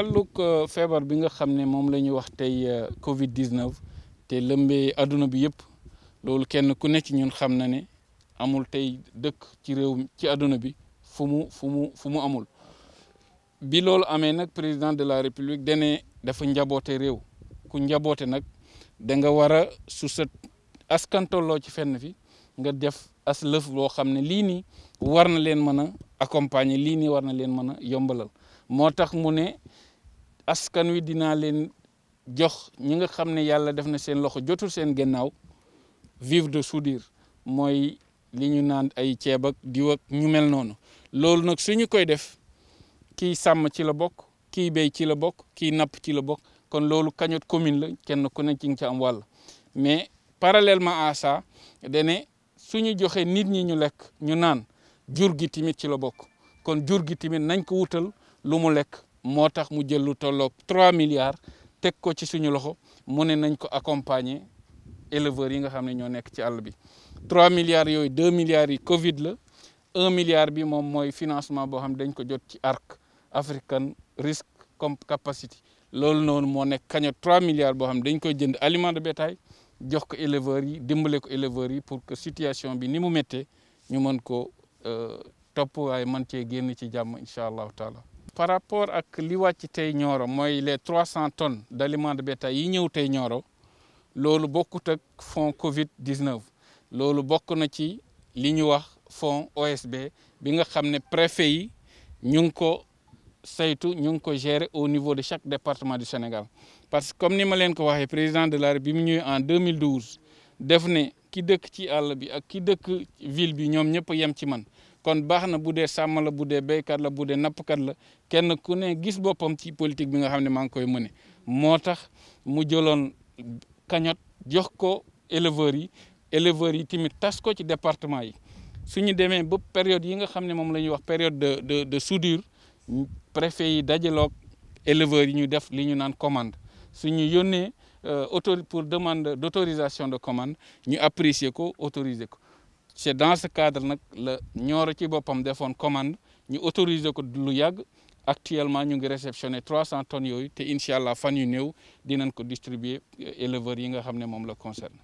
wàllug euh, feebar bi nga xam ne moom la ñuy wax tey euh, Covid 19 te lëmbee àdduna bi yëpp loolu kenn ku ne ci ñun xam na ne amul tey dëkk ci réew ci àdduna bi fu mu fu mu fu mu amul. bi loolu amee nag président de la république dane dafa njaboote réew ku njaboote nag da nga war a su sa ci fenn fi nga def as lëf loo xam ne lii nii war na leen mën a accompagner lii nii war na leen mën a yombalal. moo tax mu ne askan wi dinaa leen jox ñi nga xam ne yàlla def na seen loxo jotul seen gannaaw vivre de soudure mooy li ñu naan ay ceeb ak ñu mel noonu loolu nag suñu koy def ki sàmm ci la bokk kii béy ci la bokk kii napp ci la bokk kon loolu cagnotte commune la kenn ku ne ci nga ci am wàll mais parallèlement à ça dane suñu joxe nit ñi ñu lekk ñu naan jur gi timit ci la bokk kon jur gi tamit nañ ko wutal lu mu lekk moo tax mu jël lu tolloog 3 milliards teg ko ci suñu loxo mu ne nañ ko accompagner éleveurs yi nga xam ne ñoo nekk ci àll bi 3 milliards yooyu 2 milliards yi Covid la 1 milliard bi moom mooy financement boo xam dañ ko jot ci ARC African Risk Capacity loolu noonu moo nekk cagnotte 3 milliards boo xam dañ koy jënd aliment de bétail jox ko éleveurs yi dimbale ko éleveurs yi pour que situation bi ni mu méttee ñu mën ko euh, topp waaye man cee génn ci jàmm incha allahu taala par rapport ak li wàcc tey Nioro mooy les trois cent tonnes d' aliments de bétail yi ñëw tey Nioro loolu bokkut ak fonds Covid 19 loolu bokk na ci li ñu wax fond OSB bi nga xam ne préfet yi ñu ngi ko saytu ñu ngi ko gérer au niveau de chaque département du Sénégal parce que comme ni ma leen ko waxee président de la République bi mu ñëwee en 2012 def ne ki dëkk ci àll bi ak ki dëkk ville bi ñoom ñëpp yem ci man. kon baax na bu dee sàmm la bu dee béykat la bu dee nappkat la kenn ku ne gis boppam ci politique bi nga xam ne maa ngi koy mëne moo tax mu jëloon cagnotte jox ko éleveurs yi éleveurs yi tamit tas ko ci département yi su ñu demee ba période yi nga xam ne moom la ñuy wax période de de de soudure préfet yi dajaloog éleveurs yi ñu def li ñu naan commande su ñu yónnee euh, autori pour demande d' autorisation de commande ñu apprécier ko autoriser ko. c' est dans ce cadre nag la ci boppam defoon commande ñu autoriser ko lu yàgg actuellement ñu ngi réceptionné 300 tonnes yooyu te incha allah fan yu néew dinañ ko distribue éleveurs yi nga xam ne moom la concerne